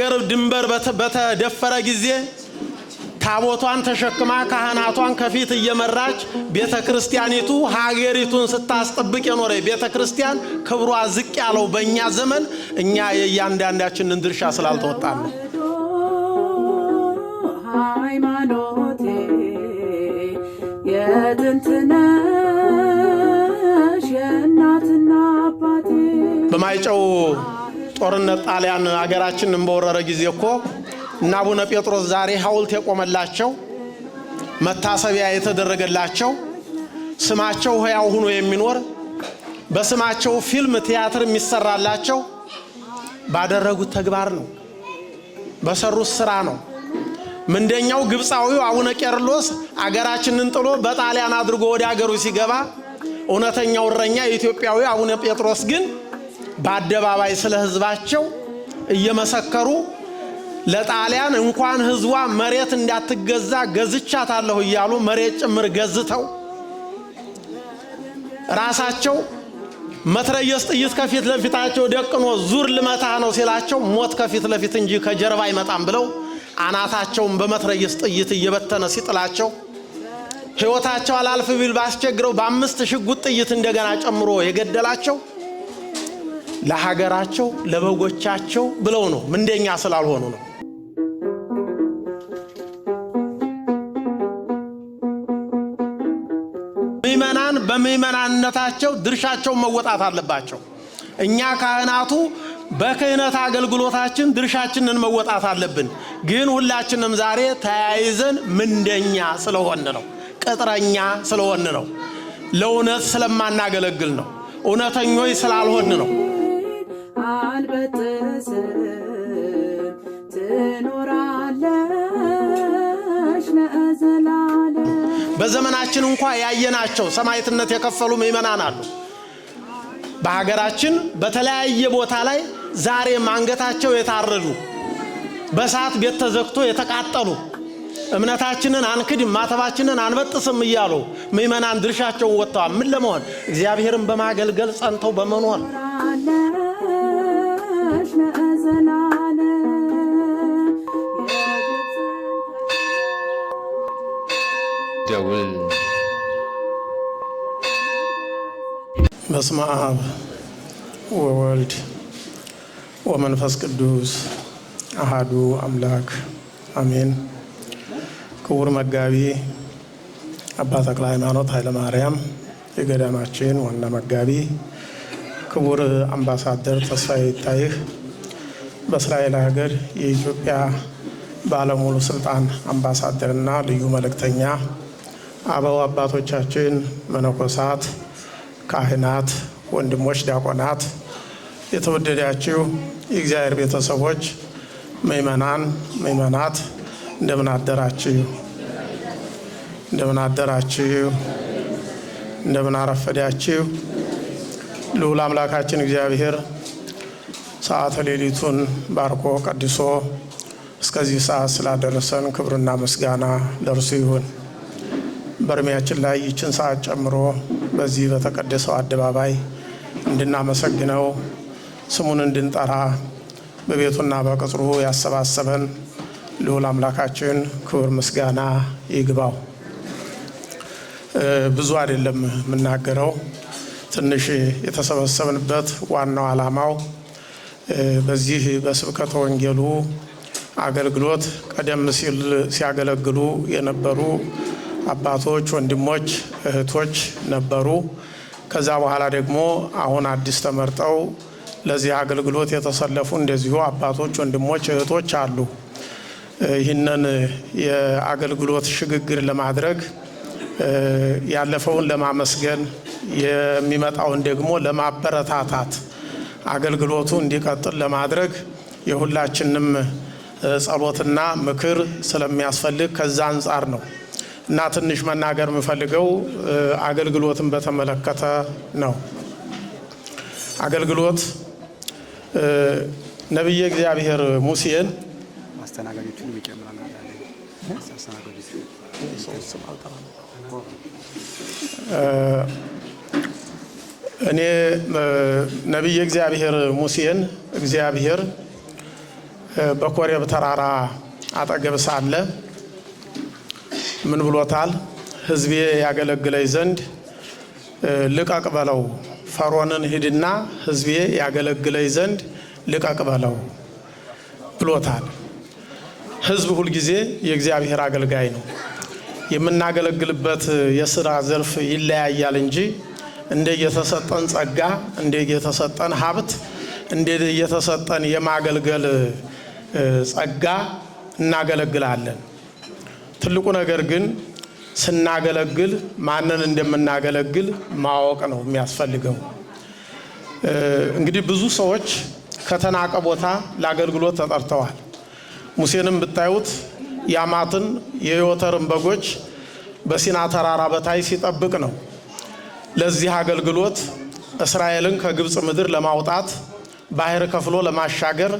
ሀገር ድንበር በተደፈረ ጊዜ ታቦቷን ተሸክማ ካህናቷን ከፊት እየመራች ቤተ ክርስቲያኒቱ ሀገሪቱን ስታስጠብቅ የኖረ ቤተ ክርስቲያን ክብሯ ዝቅ ያለው በእኛ ዘመን እኛ የእያንዳንዳችንን ድርሻ ስላልተወጣን ነው። ሃይማኖቴ የእናትና አባቴ በማይጨው ጦርነት ጣሊያን አገራችንን በወረረ ጊዜ እኮ እና አቡነ ጴጥሮስ ዛሬ ሐውልት የቆመላቸው መታሰቢያ የተደረገላቸው ስማቸው ሕያው ሆኖ የሚኖር በስማቸው ፊልም ቲያትር የሚሰራላቸው ባደረጉት ተግባር ነው፣ በሰሩት ስራ ነው። ምንደኛው ግብፃዊው አቡነ ቄርሎስ አገራችንን ጥሎ በጣሊያን አድርጎ ወደ አገሩ ሲገባ እውነተኛው እረኛ የኢትዮጵያዊ አቡነ ጴጥሮስ ግን በአደባባይ ስለ ህዝባቸው እየመሰከሩ ለጣሊያን እንኳን ህዝቧ መሬት እንዳትገዛ ገዝቻታለሁ እያሉ መሬት ጭምር ገዝተው ራሳቸው መትረየስ ጥይት ከፊት ለፊታቸው ደቅኖ ዙር ልመታ ነው ሲላቸው ሞት ከፊት ለፊት እንጂ ከጀርባ አይመጣም ብለው አናታቸውን በመትረየስ ጥይት እየበተነ ሲጥላቸው ህይወታቸው አላልፍ ቢል ባስቸግረው በአምስት ሽጉጥ ጥይት እንደገና ጨምሮ የገደላቸው ለሀገራቸው ለበጎቻቸው ብለው ነው፣ ምንደኛ ስላልሆኑ ነው። ምእመናን በምዕመናንነታቸው ድርሻቸውን መወጣት አለባቸው። እኛ ካህናቱ በክህነት አገልግሎታችን ድርሻችንን መወጣት አለብን። ግን ሁላችንም ዛሬ ተያይዘን ምንደኛ ስለሆን ነው፣ ቅጥረኛ ስለሆን ነው፣ ለእውነት ስለማናገለግል ነው፣ እውነተኞች ስላልሆን ነው። በዘመናችን እንኳ ያየናቸው ሰማዕትነት የከፈሉ ምዕመናን አሉ። በሀገራችን በተለያየ ቦታ ላይ ዛሬም አንገታቸው የታረዱ በሰዓት ቤት ተዘግቶ የተቃጠሉ እምነታችንን አንክድም ማተባችንን አንበጥስም እያሉ ምዕመናን ድርሻቸውን ወጥተዋል። ምን ለመሆን እግዚአብሔርን በማገልገል ጸንተው በመኖር ይደውል። በስመ አብ ወወልድ ወመንፈስ ቅዱስ አሃዱ አምላክ አሜን። ክቡር መጋቢ አባ ተክለ ሃይማኖት ኃይለ ማርያም የገዳማችን ዋና መጋቢ፣ ክቡር አምባሳደር ተስፋዬ ይታይህ በእስራኤል ሀገር የኢትዮጵያ ባለሙሉ ስልጣን አምባሳደርና ልዩ መልእክተኛ አበው አባቶቻችን መነኮሳት፣ ካህናት፣ ወንድሞች ዲያቆናት፣ የተወደዳችሁ የእግዚአብሔር ቤተሰቦች፣ ምእመናን፣ ምእመናት እንደምን አደራችሁ? እንደምን አደራችሁ? እንደምን አረፈዳችሁ? ልዑል አምላካችን እግዚአብሔር ሰዓተ ሌሊቱን ባርኮ ቀድሶ እስከዚህ ሰዓት ስላደረሰን ክብርና ምስጋና ለእርሱ ይሁን። በእድሜያችን ላይ ይችን ሰዓት ጨምሮ በዚህ በተቀደሰው አደባባይ እንድናመሰግነው ስሙን እንድንጠራ በቤቱና በቅጽሩ ያሰባሰበን ልዑል አምላካችን ክብር ምስጋና ይግባው። ብዙ አይደለም የምናገረው። ትንሽ የተሰበሰብንበት ዋናው ዓላማው በዚህ በስብከተ ወንጌሉ አገልግሎት ቀደም ሲል ሲያገለግሉ የነበሩ አባቶች፣ ወንድሞች፣ እህቶች ነበሩ። ከዛ በኋላ ደግሞ አሁን አዲስ ተመርጠው ለዚህ አገልግሎት የተሰለፉ እንደዚሁ አባቶች፣ ወንድሞች፣ እህቶች አሉ። ይህንን የአገልግሎት ሽግግር ለማድረግ ያለፈውን ለማመስገን የሚመጣውን ደግሞ ለማበረታታት አገልግሎቱ እንዲቀጥል ለማድረግ የሁላችንም ጸሎትና ምክር ስለሚያስፈልግ ከዛ አንጻር ነው። እና ትንሽ መናገር የምፈልገው አገልግሎትን በተመለከተ ነው። አገልግሎት ነቢየ እግዚአብሔር ሙሴን እኔ ነቢየ እግዚአብሔር ሙሴን እግዚአብሔር በኮሬብ ተራራ አጠገብ ሳለ ምን ብሎታል? ህዝቤ ያገለግለኝ ዘንድ ልቀቅ በለው ፈርዖንን ሂድና ህዝቤ ያገለግለኝ ዘንድ ልቀቅ በለው ብሎታል። ህዝብ ሁልጊዜ የእግዚአብሔር አገልጋይ ነው። የምናገለግልበት የስራ ዘርፍ ይለያያል እንጂ እንደ የተሰጠን ጸጋ፣ እንደ የተሰጠን ሀብት፣ እንደ የተሰጠን የማገልገል ጸጋ እናገለግላለን። ትልቁ ነገር ግን ስናገለግል ማንን እንደምናገለግል ማወቅ ነው የሚያስፈልገው። እንግዲህ ብዙ ሰዎች ከተናቀ ቦታ ለአገልግሎት ተጠርተዋል። ሙሴንም ብታዩት ያማትን የዮተርን በጎች በሲና ተራራ በታይ ሲጠብቅ ነው። ለዚህ አገልግሎት እስራኤልን ከግብፅ ምድር ለማውጣት ባህር ከፍሎ ለማሻገር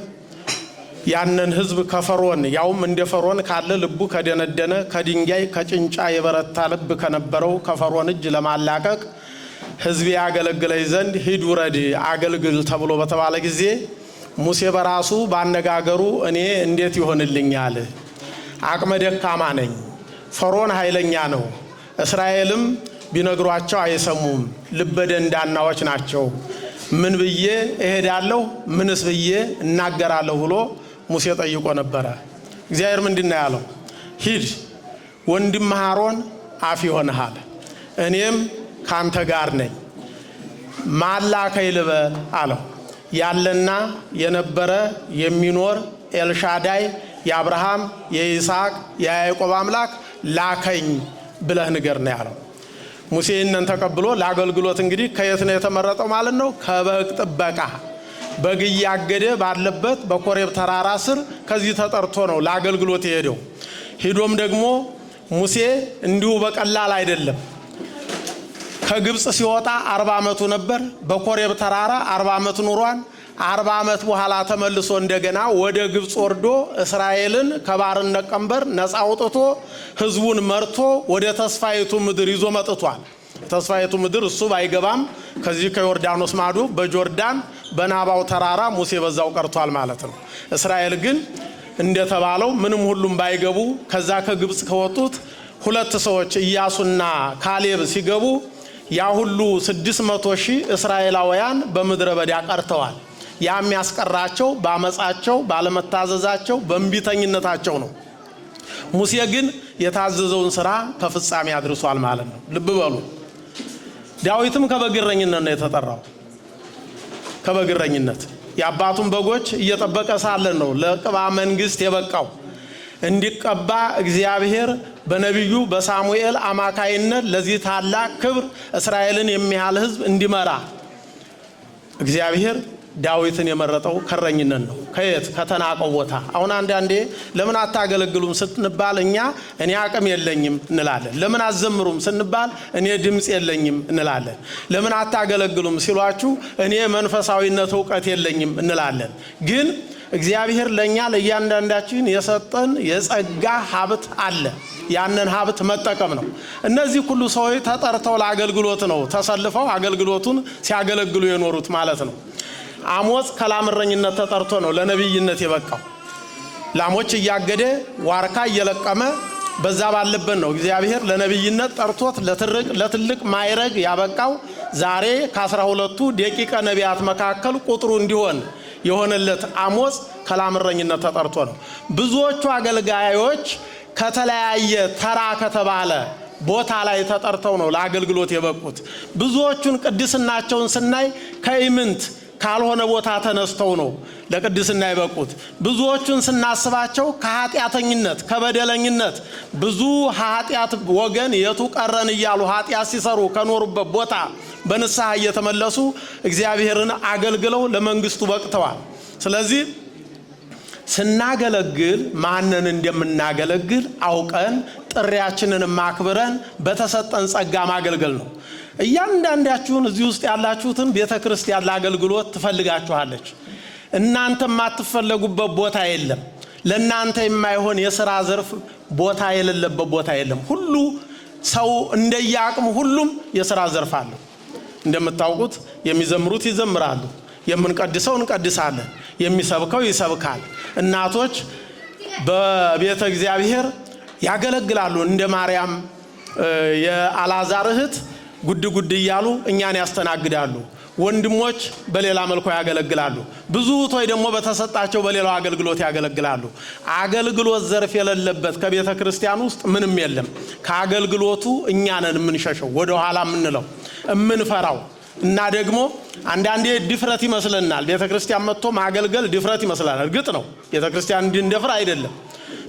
ያንን ህዝብ ከፈሮን ያውም እንደ ፈሮን ካለ ልቡ ከደነደነ ከድንጋይ ከጭንጫ የበረታ ልብ ከነበረው ከፈሮን እጅ ለማላቀቅ ህዝብ ያገለግለኝ ዘንድ ሂድ ውረድ አገልግል ተብሎ በተባለ ጊዜ ሙሴ በራሱ ባነጋገሩ እኔ እንዴት ይሆንልኛል? አቅመ ደካማ ነኝ። ፈሮን ኃይለኛ ነው። እስራኤልም ቢነግሯቸው አይሰሙም። ልበ ደንዳናዎች ናቸው። ምን ብዬ እሄዳለሁ? ምንስ ብዬ እናገራለሁ ብሎ ሙሴ ጠይቆ ነበረ። እግዚአብሔር ምንድን ነው ያለው? ሂድ ወንድም አሮን አፍ ይሆንሃል፣ እኔም ካንተ ጋር ነኝ ማላከ ይልበል አለው። ያለና የነበረ የሚኖር ኤልሻዳይ የአብርሃም የይስሐቅ የያዕቆብ አምላክ ላከኝ ብለህ ንገር ነው ያለው። ሙሴ ይህንን ተቀብሎ ለአገልግሎት እንግዲህ ከየት ነው የተመረጠው ማለት ነው? ከበግ ጥበቃ በግ እያገደ ባለበት በኮሬብ ተራራ ስር ከዚህ ተጠርቶ ነው ለአገልግሎት የሄደው። ሂዶም ደግሞ ሙሴ እንዲሁ በቀላል አይደለም። ከግብፅ ሲወጣ አርባ ዓመቱ ነበር። በኮሬብ ተራራ አርባ ዓመት ኑሯን አርባ ዓመት በኋላ ተመልሶ እንደገና ወደ ግብፅ ወርዶ እስራኤልን ከባርነት ቀንበር ነፃ አውጥቶ ሕዝቡን መርቶ ወደ ተስፋይቱ ምድር ይዞ መጥቷል። ተስፋይቱ ምድር እሱ ባይገባም ከዚህ ከዮርዳኖስ ማዶ በጆርዳን በናባው ተራራ ሙሴ በዛው ቀርቷል ማለት ነው። እስራኤል ግን እንደተባለው ምንም ሁሉም ባይገቡ ከዛ ከግብፅ ከወጡት ሁለት ሰዎች ኢያሱና ካሌብ ሲገቡ ያ ሁሉ 600 ሺህ እስራኤላውያን በምድረ በዳ ቀርተዋል። ያ የሚያስቀራቸው በአመፃቸው፣ ባለመታዘዛቸው፣ በእንቢተኝነታቸው ነው። ሙሴ ግን የታዘዘውን ስራ ከፍጻሜ አድርሷል ማለት ነው። ልብ በሉ። ዳዊትም ከበግረኝነት ነው የተጠራው። ከበግረኝነት የአባቱን በጎች እየጠበቀ ሳለ ነው ለቅባ መንግስት የበቃው። እንዲቀባ እግዚአብሔር በነቢዩ በሳሙኤል አማካይነት ለዚህ ታላቅ ክብር እስራኤልን የሚያህል ሕዝብ እንዲመራ እግዚአብሔር ዳዊትን የመረጠው ከረኝነት ነው። ከየት ከተናቀው ቦታ። አሁን አንዳንዴ ለምን አታገለግሉም ስንባል እኛ እኔ አቅም የለኝም እንላለን። ለምን አዘምሩም ስንባል እኔ ድምፅ የለኝም እንላለን። ለምን አታገለግሉም ሲሏችሁ እኔ መንፈሳዊነት እውቀት የለኝም እንላለን። ግን እግዚአብሔር ለእኛ ለእያንዳንዳችን የሰጠን የጸጋ ሀብት አለ። ያንን ሀብት መጠቀም ነው። እነዚህ ሁሉ ሰዎች ተጠርተው ለአገልግሎት ነው ተሰልፈው አገልግሎቱን ሲያገለግሉ የኖሩት ማለት ነው። አሞጽ ከላምረኝነት ተጠርቶ ነው ለነቢይነት የበቃው። ላሞች እያገደ ዋርካ እየለቀመ በዛ ባለበት ነው እግዚአብሔር ለነቢይነት ጠርቶት ለትልቅ ማይረግ ያበቃው። ዛሬ ከአስራ ሁለቱ ደቂቀ ነቢያት መካከል ቁጥሩ እንዲሆን የሆነለት አሞጽ ከላምረኝነት ተጠርቶ ነው። ብዙዎቹ አገልጋዮች ከተለያየ ተራ ከተባለ ቦታ ላይ ተጠርተው ነው ለአገልግሎት የበቁት። ብዙዎቹን ቅድስናቸውን ስናይ ከኢምንት ካልሆነ ቦታ ተነስተው ነው ለቅድስና የበቁት። ብዙዎቹን ስናስባቸው ከኃጢአተኝነት ከበደለኝነት ብዙ ኃጢአት ወገን የቱ ቀረን እያሉ ኃጢአት ሲሰሩ ከኖሩበት ቦታ በንስሐ እየተመለሱ እግዚአብሔርን አገልግለው ለመንግስቱ በቅተዋል። ስለዚህ ስናገለግል ማንን እንደምናገለግል አውቀን ጥሪያችንን ማክብረን በተሰጠን ጸጋ ማገልገል ነው። እያንዳንዳችሁን እዚህ ውስጥ ያላችሁትን ቤተ ክርስቲያን ለአገልግሎት ትፈልጋችኋለች። እናንተ የማትፈለጉበት ቦታ የለም። ለእናንተ የማይሆን የስራ ዘርፍ ቦታ የሌለበት ቦታ የለም። ሁሉ ሰው እንደየአቅሙ ሁሉም የስራ ዘርፍ አለው። እንደምታውቁት የሚዘምሩት ይዘምራሉ፣ የምንቀድሰው እንቀድሳለን፣ የሚሰብከው ይሰብካል። እናቶች በቤተ እግዚአብሔር ያገለግላሉ። እንደ ማርያም የአላዛር እህት ጉድ ጉድ እያሉ እኛን ያስተናግዳሉ። ወንድሞች በሌላ መልኩ ያገለግላሉ። ብዙ እህቶች ደግሞ በተሰጣቸው በሌላው አገልግሎት ያገለግላሉ። አገልግሎት ዘርፍ የሌለበት ከቤተ ክርስቲያን ውስጥ ምንም የለም። ከአገልግሎቱ እኛ ነን የምንሸሸው፣ ወደኋላ የምንለው፣ እምንፈራው እና ደግሞ አንዳንዴ ድፍረት ይመስለናል። ቤተ ክርስቲያን መጥቶ ማገልገል ድፍረት ይመስላል። እርግጥ ነው ቤተ ክርስቲያን እንድንደፍር አይደለም።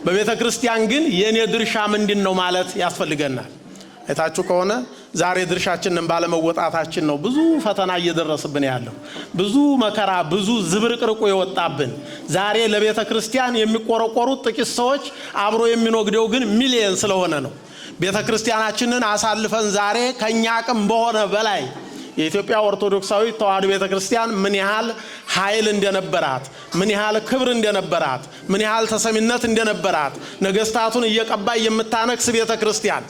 በቤተ ክርስቲያን ግን የእኔ ድርሻ ምንድን ነው ማለት ያስፈልገናል። አይታችሁ ከሆነ ዛሬ ድርሻችንን ባለመወጣታችን ነው ብዙ ፈተና እየደረስብን ያለው፣ ብዙ መከራ፣ ብዙ ዝብርቅርቁ የወጣብን። ዛሬ ለቤተ ክርስቲያን የሚቆረቆሩት ጥቂት ሰዎች፣ አብሮ የሚኖግደው ግን ሚሊየን ስለሆነ ነው። ቤተ ክርስቲያናችንን አሳልፈን ዛሬ ከእኛ አቅም በሆነ በላይ የኢትዮጵያ ኦርቶዶክሳዊ ተዋሕዶ ቤተ ክርስቲያን ምን ያህል ኃይል እንደነበራት፣ ምን ያህል ክብር እንደነበራት፣ ምን ያህል ተሰሚነት እንደነበራት ነገስታቱን እየቀባ የምታነክስ ቤተ ክርስቲያን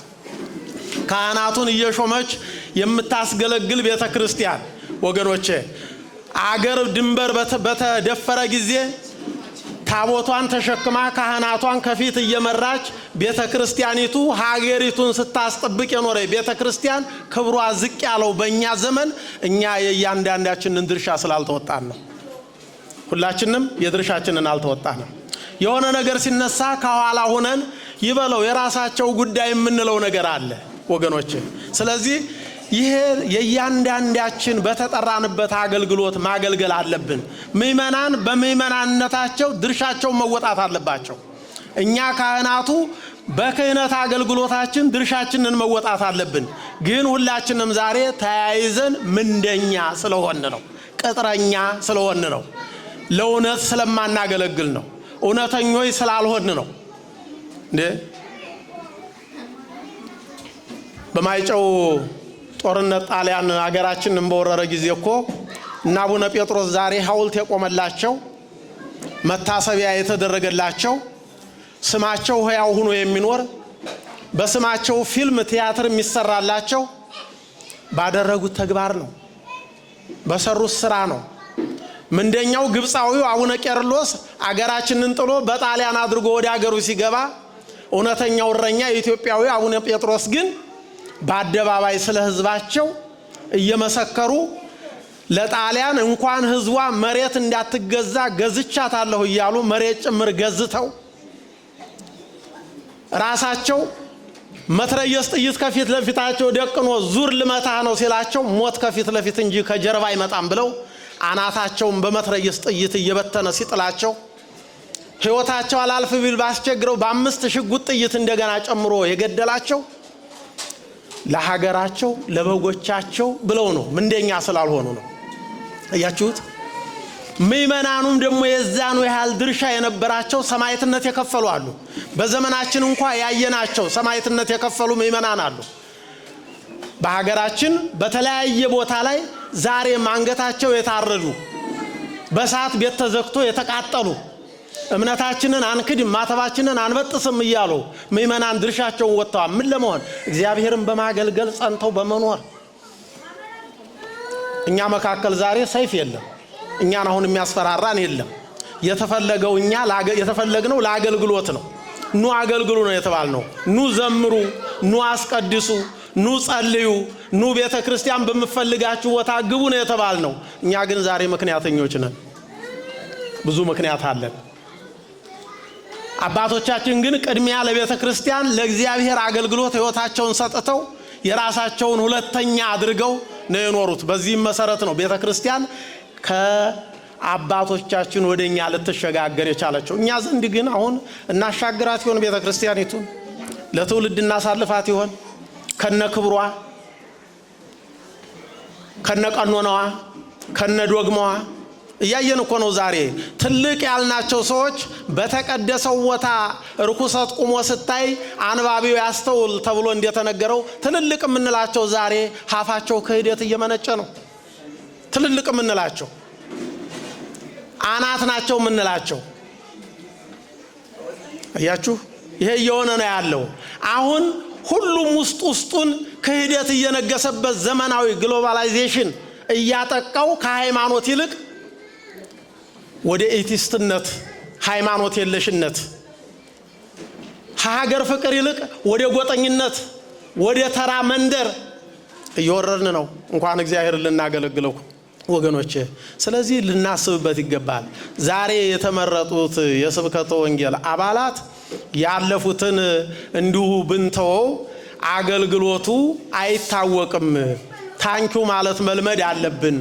ካህናቱን እየሾመች የምታስገለግል ቤተ ክርስቲያን ወገኖቼ፣ አገር ድንበር በተደፈረ ጊዜ ታቦቷን ተሸክማ ካህናቷን ከፊት እየመራች ቤተ ክርስቲያኒቱ ሀገሪቱን ስታስጠብቅ የኖረ ቤተ ክርስቲያን ክብሯ ዝቅ ያለው በእኛ ዘመን እኛ የእያንዳንዳችንን ድርሻ ስላልተወጣን ነው። ሁላችንም የድርሻችንን አልተወጣንም። የሆነ ነገር ሲነሳ ከኋላ ሁነን ይበለው የራሳቸው ጉዳይ የምንለው ነገር አለ። ወገኖቼ። ስለዚህ ይሄ የእያንዳንዳችን በተጠራንበት አገልግሎት ማገልገል አለብን። ምዕመናን በምዕመናንነታቸው ድርሻቸውን መወጣት አለባቸው። እኛ ካህናቱ በክህነት አገልግሎታችን ድርሻችንን መወጣት አለብን። ግን ሁላችንም ዛሬ ተያይዘን ምንደኛ ስለሆን ነው፣ ቅጥረኛ ስለሆን ነው፣ ለእውነት ስለማናገለግል ነው፣ እውነተኞች ስላልሆን ነው። በማይጨው ጦርነት ጣሊያን አገራችንን በወረረ ጊዜ እኮ እና አቡነ ጴጥሮስ ዛሬ ሐውልት የቆመላቸው መታሰቢያ የተደረገላቸው ስማቸው ሕያው ሆኖ የሚኖር በስማቸው ፊልም ቲያትር የሚሰራላቸው ባደረጉት ተግባር ነው፣ በሰሩት ስራ ነው። ምንደኛው ግብፃዊው አቡነ ቄርሎስ አገራችንን ጥሎ በጣሊያን አድርጎ ወደ አገሩ ሲገባ እውነተኛው እረኛ የኢትዮጵያዊ አቡነ ጴጥሮስ ግን በአደባባይ ስለ ህዝባቸው እየመሰከሩ ለጣሊያን እንኳን ህዝቧ መሬት እንዳትገዛ ገዝቻታለሁ እያሉ መሬት ጭምር ገዝተው ራሳቸው መትረየስ ጥይት ከፊት ለፊታቸው ደቅኖ ዙር ልመታ ነው ሲላቸው ሞት ከፊት ለፊት እንጂ ከጀርባ አይመጣም ብለው አናታቸውን በመትረየስ ጥይት እየበተነ ሲጥላቸው ህይወታቸው አላልፍ ቢል ባስቸግረው በአምስት ሽጉጥ ጥይት እንደገና ጨምሮ የገደላቸው ለሀገራቸው ለበጎቻቸው ብለው ነው። ምንደኛ ስላልሆኑ ነው። እያችሁት ምእመናኑም ደግሞ የዛኑ ያህል ድርሻ የነበራቸው ሰማዕትነት የከፈሉ አሉ። በዘመናችን እንኳ ያየናቸው ሰማዕትነት የከፈሉ ምእመናን አሉ። በሀገራችን በተለያየ ቦታ ላይ ዛሬም አንገታቸው የታረዱ በሰዓት ቤት ተዘግቶ የተቃጠሉ እምነታችንን አንክድም፣ ማተባችንን አንበጥስም እያሉ ምእመናን ድርሻቸውን ወጥተዋል። ምን ለመሆን እግዚአብሔርን በማገልገል ጸንተው በመኖር እኛ መካከል ዛሬ ሰይፍ የለም። እኛን አሁን የሚያስፈራራን የለም። የተፈለገው እኛ የተፈለግነው ለአገልግሎት ነው። ኑ አገልግሉ ነው የተባልነው። ኑ ዘምሩ፣ ኑ አስቀድሱ፣ ኑ ጸልዩ፣ ኑ ቤተ ክርስቲያን በምፈልጋችሁ ቦታ ግቡ ነው የተባልነው። እኛ ግን ዛሬ ምክንያተኞች ነን። ብዙ ምክንያት አለን። አባቶቻችን ግን ቅድሚያ ለቤተ ክርስቲያን ለእግዚአብሔር አገልግሎት ሕይወታቸውን ሰጥተው የራሳቸውን ሁለተኛ አድርገው ነው የኖሩት። በዚህም መሰረት ነው ቤተ ክርስቲያን ከአባቶቻችን ወደ እኛ ልትሸጋገር የቻለችው። እኛ ዘንድ ግን አሁን እናሻግራት ይሆን? ቤተ ክርስቲያኒቱን ለትውልድ እናሳልፋት ይሆን? ከነ ክብሯ፣ ከነ ቀኖናዋ፣ ከነ ዶግማዋ እያየን እኮ ነው። ዛሬ ትልቅ ያልናቸው ሰዎች በተቀደሰው ቦታ ርኩሰት ቁሞ ስታይ አንባቢው ያስተውል ተብሎ እንደተነገረው ትልልቅ የምንላቸው ዛሬ ሀፋቸው ክህደት እየመነጨ ነው። ትልልቅ የምንላቸው አናት ናቸው የምንላቸው እያችሁ ይሄ እየሆነ ነው ያለው። አሁን ሁሉም ውስጥ ውስጡን ክህደት እየነገሰበት ዘመናዊ ግሎባላይዜሽን እያጠቃው ከሃይማኖት ይልቅ ወደ ኤቲስትነት፣ ሃይማኖት የለሽነት ከሀገር ፍቅር ይልቅ ወደ ጎጠኝነት፣ ወደ ተራ መንደር እየወረድን ነው። እንኳን እግዚአብሔር ልናገለግለው ወገኖቼ። ስለዚህ ልናስብበት ይገባል። ዛሬ የተመረጡት የስብከተ ወንጌል አባላት ያለፉትን እንዲሁ ብንተወው አገልግሎቱ አይታወቅም። ታንኪው ማለት መልመድ አለብን።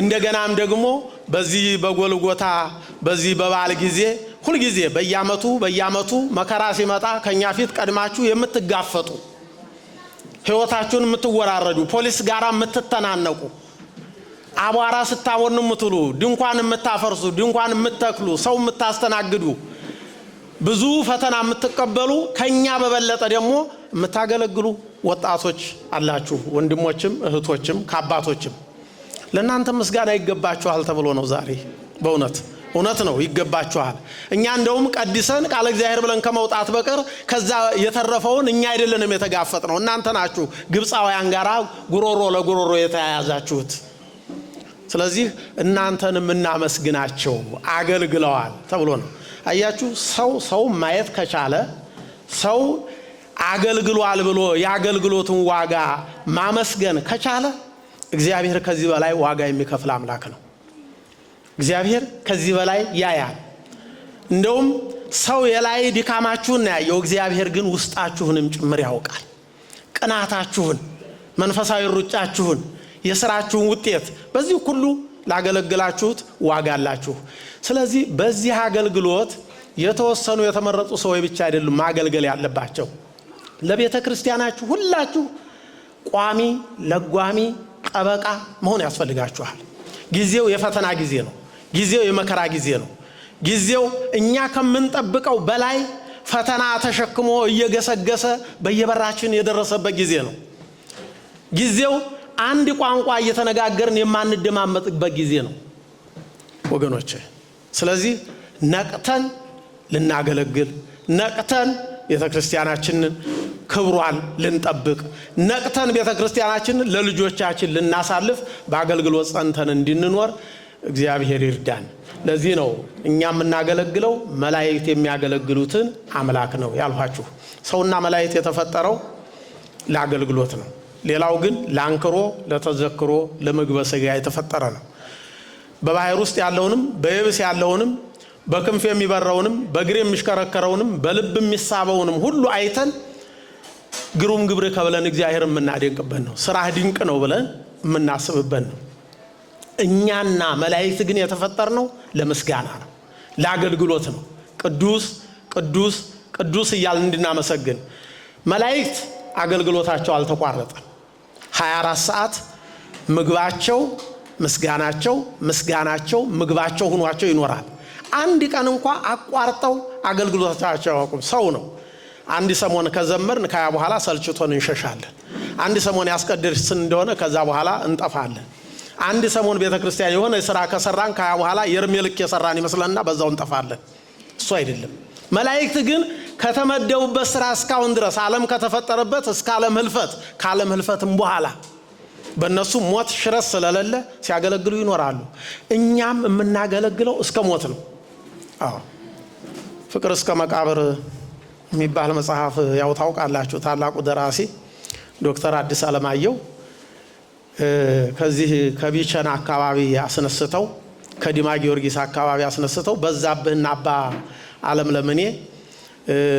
እንደገናም ደግሞ በዚህ በጎልጎታ በዚህ በበዓል ጊዜ ሁልጊዜ በየዓመቱ በየዓመቱ መከራ ሲመጣ ከእኛ ፊት ቀድማችሁ የምትጋፈጡ ሕይወታችሁን የምትወራረዱ ፖሊስ ጋር የምትተናነቁ አቧራ ስታቦን የምትሉ ድንኳን የምታፈርሱ ድንኳን የምትተክሉ ሰው የምታስተናግዱ ብዙ ፈተና የምትቀበሉ ከእኛ በበለጠ ደግሞ የምታገለግሉ ወጣቶች አላችሁ፣ ወንድሞችም እህቶችም ከአባቶችም ለእናንተ ምስጋና ይገባችኋል ተብሎ ነው ዛሬ። በእውነት እውነት ነው ይገባችኋል። እኛ እንደውም ቀድሰን ቃለ እግዚአብሔር ብለን ከመውጣት በቀር ከዛ የተረፈውን እኛ አይደለንም የተጋፈጥ ነው እናንተ ናችሁ ግብፃውያን ጋር ጉሮሮ ለጉሮሮ የተያያዛችሁት። ስለዚህ እናንተን የምናመስግናቸው አገልግለዋል ተብሎ ነው። አያችሁ ሰው ሰው ማየት ከቻለ ሰው አገልግሏል ብሎ የአገልግሎትን ዋጋ ማመስገን ከቻለ እግዚአብሔር ከዚህ በላይ ዋጋ የሚከፍል አምላክ ነው። እግዚአብሔር ከዚህ በላይ ያያል። እንደውም ሰው የላይ ድካማችሁን ያየው፣ እግዚአብሔር ግን ውስጣችሁንም ጭምር ያውቃል። ቅናታችሁን፣ መንፈሳዊ ሩጫችሁን፣ የስራችሁን ውጤት በዚህ ሁሉ ላገለግላችሁት ዋጋ አላችሁ። ስለዚህ በዚህ አገልግሎት የተወሰኑ የተመረጡ ሰዎች ብቻ አይደሉም ማገልገል ያለባቸው። ለቤተ ክርስቲያናችሁ ሁላችሁ ቋሚ ለጓሚ ጠበቃ መሆን ያስፈልጋችኋል። ጊዜው የፈተና ጊዜ ነው። ጊዜው የመከራ ጊዜ ነው። ጊዜው እኛ ከምንጠብቀው በላይ ፈተና ተሸክሞ እየገሰገሰ በየበራችን የደረሰበት ጊዜ ነው። ጊዜው አንድ ቋንቋ እየተነጋገርን የማንደማመጥበት ጊዜ ነው ወገኖች። ስለዚህ ነቅተን ልናገለግል ነቅተን ቤተ ክርስቲያናችንን ክብሯን ልንጠብቅ ነቅተን ቤተ ክርስቲያናችን ለልጆቻችን ልናሳልፍ በአገልግሎት ጸንተን እንድንኖር እግዚአብሔር ይርዳን። ለዚህ ነው እኛ የምናገለግለው መላእክት የሚያገለግሉትን አምላክ ነው ያልኋችሁ። ሰውና መላእክት የተፈጠረው ለአገልግሎት ነው። ሌላው ግን ለአንክሮ፣ ለተዘክሮ፣ ለምግበ የተፈጠረ ነው። በባህር ውስጥ ያለውንም በየብስ ያለውንም በክንፍ የሚበረውንም በእግር የሚሽከረከረውንም በልብ የሚሳበውንም ሁሉ አይተን ግሩም ግብር ከብለን እግዚአብሔር የምናደንቅበት ነው። ስራህ ድንቅ ነው ብለን የምናስብበት ነው። እኛና መላእክት ግን ነው ለምስጋና ነው፣ ለአገልግሎት ነው። ቅዱስ ቅዱስ ቅዱስ እያልን እንድናመሰግን። መላእክት አገልግሎታቸው አልተቋረጠም። 24 ሰዓት ምግባቸው ምስጋናቸው ምስጋናቸው ምግባቸው ሆኗቸው ይኖራል። አንድ ቀን እንኳ አቋርጠው አገልግሎታቸው አያውቁም። ሰው ነው አንድ ሰሞን ከዘመርን ከያ በኋላ ሰልችቶን እንሸሻለን። አንድ ሰሞን ያስቀድስን እንደሆነ ከዛ በኋላ እንጠፋለን። አንድ ሰሞን ቤተ ክርስቲያን የሆነ ስራ ከሰራን ከያ በኋላ የእድሜ ልክ የሰራን ይመስለንና በዛው እንጠፋለን። እሱ አይደለም። መላእክት ግን ከተመደቡበት ስራ እስካሁን ድረስ ዓለም ከተፈጠረበት እስከ ዓለም ህልፈት ከዓለም ህልፈትም በኋላ በእነሱ ሞት ሽረት ስለሌለ ሲያገለግሉ ይኖራሉ። እኛም የምናገለግለው እስከ ሞት ነው። አዎ ፍቅር እስከ መቃብር የሚባል መጽሐፍ ያው ታውቃላችሁ፣ ታላቁ ደራሲ ዶክተር አዲስ አለማየሁ ከዚህ ከቢቸና አካባቢ አስነስተው ከዲማ ጊዮርጊስ አካባቢ አስነስተው በዛብህና አባ አለም ለምኔ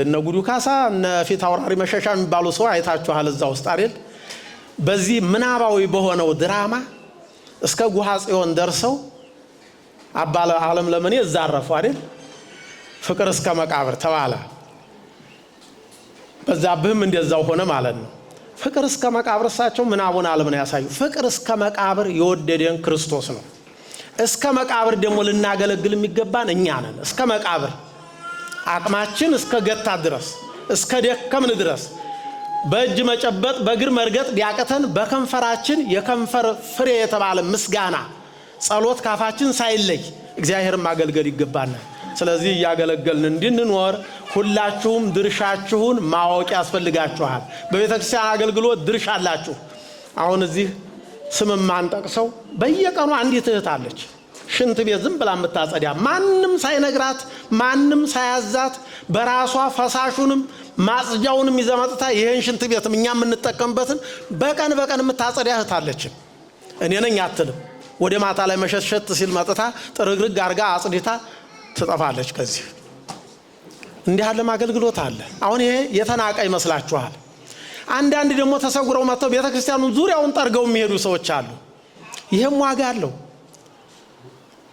እነ ጉዱ ካሳ እነ ፊት አውራሪ መሸሻ የሚባሉ ሰው አይታችኋል እዛ ውስጥ አይደል? በዚህ ምናባዊ በሆነው ድራማ እስከ ጉሃ ጽዮን ደርሰው አባ አለም ለምኔ እዛ አረፉ አይደል? ፍቅር እስከ መቃብር ተባለ። በዛብህም እንደዛው ሆነ ማለት ነው። ፍቅር እስከ መቃብር እሳቸው ምናቡን አለም ነው ያሳዩ። ፍቅር እስከ መቃብር የወደደን ክርስቶስ ነው። እስከ መቃብር ደግሞ ልናገለግል የሚገባን እኛ ነን። እስከ መቃብር አቅማችን እስከ ገታ ድረስ እስከ ደከምን ድረስ በእጅ መጨበጥ በእግር መርገጥ ቢያቅተን በከንፈራችን የከንፈር ፍሬ የተባለ ምስጋና ጸሎት ካፋችን ሳይለይ እግዚአብሔር ማገልገል ይገባናል። ስለዚህ እያገለገልን እንድንኖር ሁላችሁም ድርሻችሁን ማወቅ ያስፈልጋችኋል። በቤተ ክርስቲያን አገልግሎት ድርሻ አላችሁ። አሁን እዚህ ስም የማንጠቅሰው በየቀኑ አንዲት እህት አለች ሽንት ቤት ዝም ብላ የምታጸዳ ማንም ሳይነግራት ማንም ሳያዛት በራሷ ፈሳሹንም ማጽጃውንም ይዘመጥታ ይህን ሽንት ቤትም እኛ የምንጠቀምበትን በቀን በቀን የምታጸዳ እህት አለችን። እኔ ነኝ አትልም። ወደ ማታ ላይ መሸትሸት ሲል መጥታ ጥርግርግ አርጋ አጽድታ ትጠፋለች። ከዚህ እንዲህ ያለም አገልግሎት አለ። አሁን ይሄ የተናቀ ይመስላችኋል። አንዳንድ ደግሞ ተሰውረው መጥተው ቤተ ዙሪያውን ጠርገው የሚሄዱ ሰዎች አሉ። ይህም ዋጋ አለው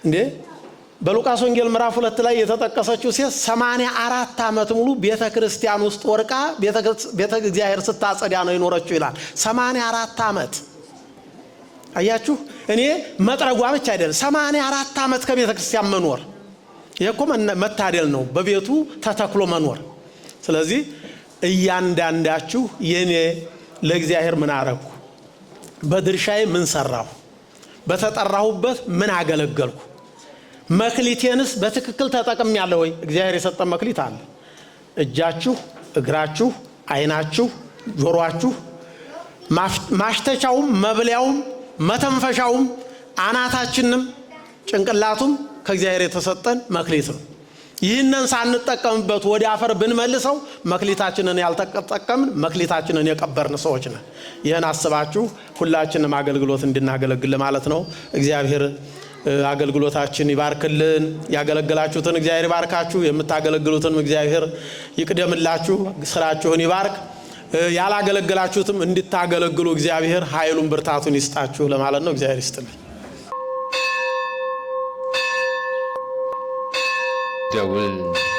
እንዴ! በሉቃስ ወንጌል ምዕራፍ ሁለት ላይ የተጠቀሰችው ሴት ሰማንያ አራት ዓመት ሙሉ ቤተ ክርስቲያን ውስጥ ወርቃ ቤተ እግዚአብሔር ስታጸዳ ነው የኖረችው ይላል። ሰማንያ አራት ዓመት አያችሁ፣ እኔ መጥረጓ ብቻ አይደለም፣ ሰማንያ አራት ዓመት ከቤተ ክርስቲያን መኖር ይሄ እኮ መታደል ነው፣ በቤቱ ተተክሎ መኖር። ስለዚህ እያንዳንዳችሁ የኔ ለእግዚአብሔር ምን አረኩ፣ በድርሻዬ ምን ሰራሁ፣ በተጠራሁበት ምን አገለገልኩ፣ መክሊቴንስ በትክክል ተጠቅም ያለ ወይ? እግዚአብሔር የሰጠ መክሊት አለ። እጃችሁ፣ እግራችሁ፣ አይናችሁ፣ ጆሮአችሁ፣ ማሽተቻውም፣ መብሊያውም፣ መተንፈሻውም፣ አናታችንም፣ ጭንቅላቱም ከእግዚአብሔር የተሰጠን መክሊት ነው። ይህንን ሳንጠቀምበት ወደ አፈር ብንመልሰው መክሊታችንን ያልተጠቀምን መክሊታችንን የቀበርን ሰዎች ነን። ይህን አስባችሁ ሁላችንም አገልግሎት እንድናገለግል ማለት ነው። እግዚአብሔር አገልግሎታችን ይባርክልን። ያገለገላችሁትን እግዚአብሔር ይባርካችሁ። የምታገለግሉትንም እግዚአብሔር ይቅደምላችሁ። ስራችሁን ይባርክ። ያላገለገላችሁትም እንድታገለግሉ እግዚአብሔር ኃይሉን ብርታቱን ይስጣችሁ ለማለት ነው። እግዚአብሔር ይስጥልን። devil